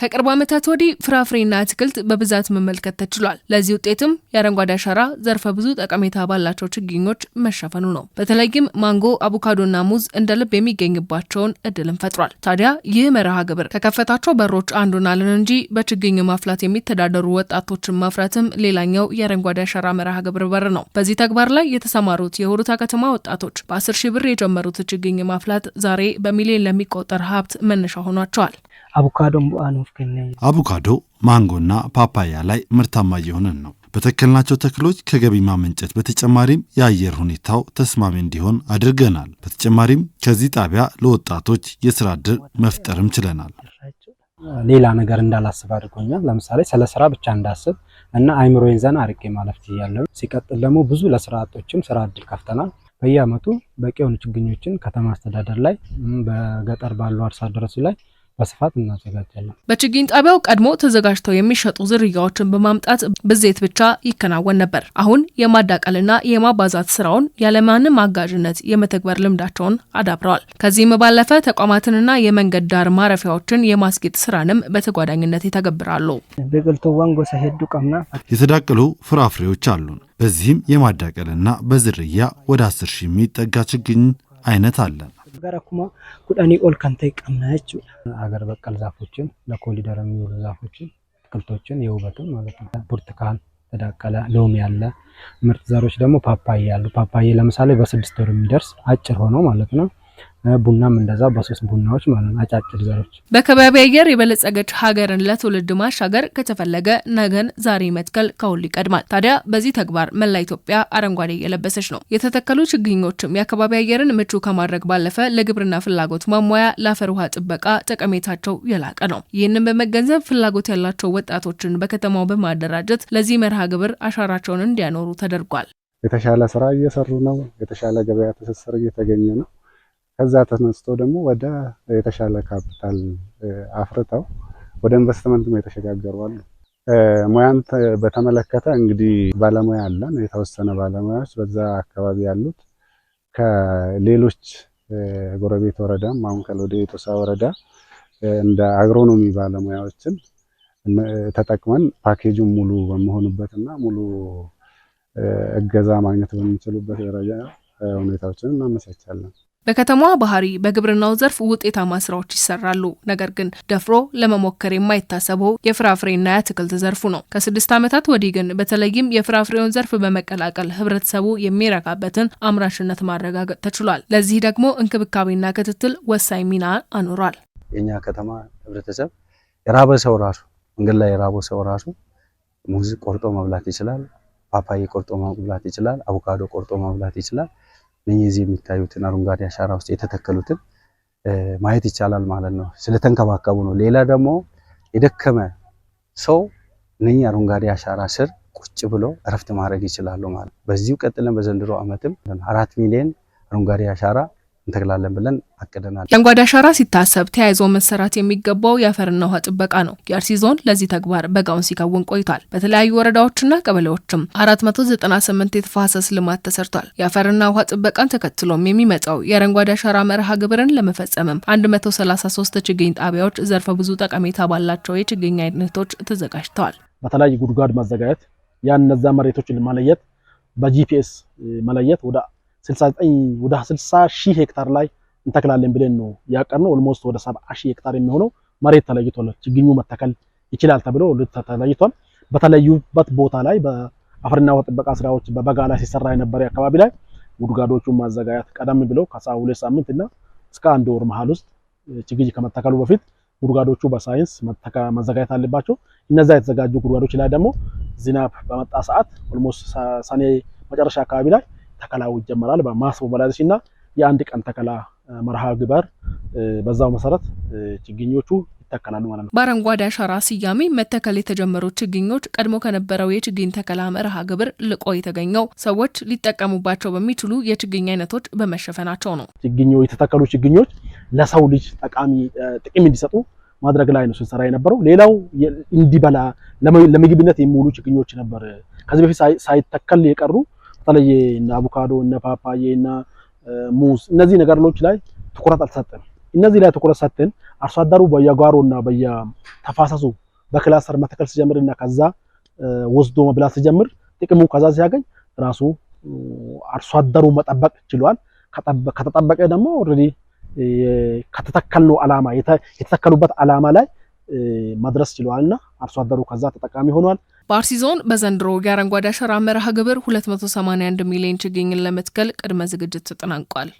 ከቅርብ ዓመታት ወዲህ ፍራፍሬና አትክልት በብዛት መመልከት ተችሏል። ለዚህ ውጤትም የአረንጓዴ አሻራ ዘርፈ ብዙ ጠቀሜታ ባላቸው ችግኞች መሸፈኑ ነው። በተለይም ማንጎ፣ አቮካዶና ሙዝ እንደ ልብ የሚገኝባቸውን እድልን ፈጥሯል። ታዲያ ይህ መርሃ ግብር ከከፈታቸው በሮች አንዱን አለን እንጂ በችግኝ ማፍላት የሚተዳደሩ ወጣቶችን ማፍራትም ሌላኛው የአረንጓዴ አሻራ መርሃ ግብር በር ነው። በዚህ ተግባር ላይ የተሰማሩት የሁሩታ ከተማ ወጣቶች በ10 ሺህ ብር የጀመሩት ችግኝ ማፍላት ዛሬ በሚሊዮን ለሚቆጠር ሀብት መነሻ ሆኗቸዋል። አቮካዶን ቡአ ኑፍ አቮካዶ ማንጎና ፓፓያ ላይ ምርታማ እየሆንን ነው። በተከልናቸው ተክሎች ከገቢ ማመንጨት በተጨማሪም የአየር ሁኔታው ተስማሚ እንዲሆን አድርገናል። በተጨማሪም ከዚህ ጣቢያ ለወጣቶች የስራ እድል መፍጠርም ችለናል። ሌላ ነገር እንዳላስብ አድርጎኛል። ለምሳሌ ስለ ስራ ብቻ እንዳስብ እና አይምሮዬን ዘና አርቄ ማለፍ ትያለሁ። ሲቀጥል ደግሞ ብዙ ለስራ አጦችም ስራ እድል ከፍተናል። በየአመቱ በቂ የሆኑ ችግኞችን ከተማ አስተዳደር ላይ በገጠር ባሉ አርሶ አደሮች ላይ በስፋት እናዘጋጃለን። በችግኝ ጣቢያው ቀድሞ ተዘጋጅተው የሚሸጡ ዝርያዎችን በማምጣት ብዜት ብቻ ይከናወን ነበር። አሁን የማዳቀልና የማባዛት ስራውን ያለማንም አጋዥነት የመተግበር ልምዳቸውን አዳብረዋል። ከዚህም ባለፈ ተቋማትንና የመንገድ ዳር ማረፊያዎችን የማስጌጥ ስራንም በተጓዳኝነት ይተገብራሉ። የተዳቀሉ ፍራፍሬዎች አሉን። በዚህም የማዳቀልና በዝርያ ወደ 10 ሺህ የሚጠጋ ችግኝ አይነት አለን። gara kuma kudhanii ol kan ta'e qabna jechuudha። ሀገር በቀል ዛፎችን ለኮሊደር የሚውሉ ዛፎችን አትክልቶችን የውበትን ማለት ነው። ብርቱካን ተዳቀለ፣ ሎሚ ያለ ምርጥ ዘሮች ደግሞ ፓፓያ ያሉ ፓፓያ ለምሳሌ በስድስት ወር የሚደርስ አጭር ሆኖ ማለት ነው ቡናም እንደዛ በሶስት ቡናዎች ማለት ነው፣ አጫጭር ዘሮች። በከባቢ አየር የበለጸገች ሀገርን ለትውልድ ማሻገር ከተፈለገ ነገን ዛሬ መትከል ከሁሉ ይቀድማል። ታዲያ በዚህ ተግባር መላ ኢትዮጵያ አረንጓዴ እየለበሰች ነው። የተተከሉ ችግኞችም የአካባቢ አየርን ምቹ ከማድረግ ባለፈ ለግብርና ፍላጎት ማሟያ፣ ለአፈር ውሃ ጥበቃ ጠቀሜታቸው የላቀ ነው። ይህንን በመገንዘብ ፍላጎት ያላቸው ወጣቶችን በከተማው በማደራጀት ለዚህ መርሃ ግብር አሻራቸውን እንዲያኖሩ ተደርጓል። የተሻለ ስራ እየሰሩ ነው። የተሻለ ገበያ ትስስር እየተገኘ ነው። ከዛ ተነስቶ ደግሞ ወደ የተሻለ ካፒታል አፍርተው ወደ ኢንቨስትመንት የተሸጋገሩ አሉ። ሙያን በተመለከተ እንግዲህ ባለሙያ አለን። የተወሰነ ባለሙያዎች በዛ አካባቢ ያሉት ከሌሎች ጎረቤት ወረዳም አሁን ከሎዴ የጦሳ ወረዳ እንደ አግሮኖሚ ባለሙያዎችን ተጠቅመን ፓኬጁን ሙሉ በመሆኑበትና ሙሉ እገዛ ማግኘት በሚችሉበት ደረጃ ሁኔታዎችን እናመቻቻለን። በከተማዋ ባህሪ በግብርናው ዘርፍ ውጤታማ ስራዎች ይሰራሉ። ነገር ግን ደፍሮ ለመሞከር የማይታሰበው የፍራፍሬና የአትክልት ዘርፉ ነው። ከስድስት ዓመታት ወዲህ ግን በተለይም የፍራፍሬውን ዘርፍ በመቀላቀል ህብረተሰቡ የሚረካበትን አምራችነት ማረጋገጥ ተችሏል። ለዚህ ደግሞ እንክብካቤና ክትትል ወሳኝ ሚና አኑሯል። የኛ ከተማ ህብረተሰብ የራበ ሰው ራሱ መንገድ ላይ የራበ ሰው ራሱ ሙዝ ቆርጦ መብላት ይችላል። ፓፓዬ ቆርጦ መብላት ይችላል። አቮካዶ ቆርጦ መብላት ይችላል። በየዚህ የሚታዩትን አረንጓዴ አሻራ ውስጥ የተተከሉትን ማየት ይቻላል ማለት ነው። ስለተንከባከቡ ነው። ሌላ ደግሞ የደከመ ሰው እነኚህ አረንጓዴ አሻራ ስር ቁጭ ብሎ እረፍት ማድረግ ይችላሉ ማለት ነው። በዚሁ ቀጥለን በዘንድሮ ዓመትም አራት ሚሊዮን አረንጓዴ አሻራ እንተክላለን ብለን አቅደናል። የአረንጓዴ አሻራ ሲታሰብ ተያይዞ መሰራት የሚገባው የአፈርና ውሃ ጥበቃ ነው። የአርሲ ዞን ለዚህ ተግባር በጋውን ሲከውን ቆይቷል። በተለያዩ ወረዳዎችና ቀበሌዎችም 498 የተፋሰስ ልማት ተሰርቷል። የአፈርና ውሃ ጥበቃን ተከትሎም የሚመጣው የአረንጓዴ አሻራ መርሃ ግብርን ለመፈጸምም 133 ችግኝ ጣቢያዎች ዘርፈ ብዙ ጠቀሜታ ባላቸው የችግኝ አይነቶች ተዘጋጅተዋል። በተለያዩ ጉድጓድ ማዘጋጀት ያን እነዛ መሬቶችን መለየት በጂፒኤስ መለየት ወደ 69 ወደ 60 ሺህ ሄክታር ላይ እንተክላለን ብለን ነው ያቀርነው። ኦልሞስት ወደ 70 ሺህ ሄክታር የሚሆነው መሬት ተለይቷል። ችግኙ መተከል ይችላል ተብሎ ተለይቷል። በተለዩበት ቦታ ላይ በአፈርና ውሃ ጥበቃ ስራዎች በበጋ ላይ ሲሰራ የነበረ አካባቢ ላይ ጉድጓዶቹን ማዘጋጀት ቀደም ብሎ ከሁለት ሳምንት እና እስከ አንድ ወር መሀል ውስጥ ችግኝ ከመተከሉ በፊት ጉድጓዶቹ በሳይንስ መዘጋጀት አለባቸው። እነዛ የተዘጋጁ ጉድጓዶች ላይ ደግሞ ዝናብ በመጣ ሰዓት ኦልሞስት ሰኔ መጨረሻ አካባቢ ላይ ተከላው ይጀመራል በማስ ሞባላይዜሽን እና የአንድ ቀን ተከላ መርሃ ግብር በዛው መሰረት ችግኞቹ ይተከላሉ ማለት ነው። በአረንጓዴ አሻራ ስያሜ መተከል የተጀመሩ ችግኞች ቀድሞ ከነበረው የችግኝ ተከላ መርሃ ግብር ልቆ የተገኘው ሰዎች ሊጠቀሙባቸው በሚችሉ የችግኝ አይነቶች በመሸፈናቸው ነው። ችግኞች የተተከሉ ችግኞች ለሰው ልጅ ጠቃሚ ጥቅም እንዲሰጡ ማድረግ ላይ ነው ስንሰራ የነበረው። ሌላው እንዲበላ ለምግብነት የሚውሉ ችግኞች ነበር ከዚህ በፊት ሳይተከል የቀሩ በተለይ እነ አቮካዶ እነ ፓፓዬ እና ሙዝ እነዚህ ነገሮች ላይ ትኩረት አልሰጠንም። እነዚህ ላይ ትኩረት ሰጥተን አርሶ አደሩ በየጓሮ እና በየተፋሰሱ በክላስተር መተከል ሲጀምርና ከዛ ወስዶ መብላት ሲጀምር ጥቅሙ ከዛ ሲያገኝ ራሱ አርሶ አደሩ መጠበቅ ችሏል። ከተጠበቀ ደግሞ ኦልሬዲ ከተተከልነው አላማ የተተከሉበት አላማ ላይ መድረስ ችለዋልና አርሶ አደሩ ከዛ ተጠቃሚ ሆኗል። በአርሲ ዞን በዘንድሮ የአረንጓዴ አሻራ መርሃ ግብር 281 ሚሊዮን ችግኝን ለመትከል ቅድመ ዝግጅት ተጠናቋል።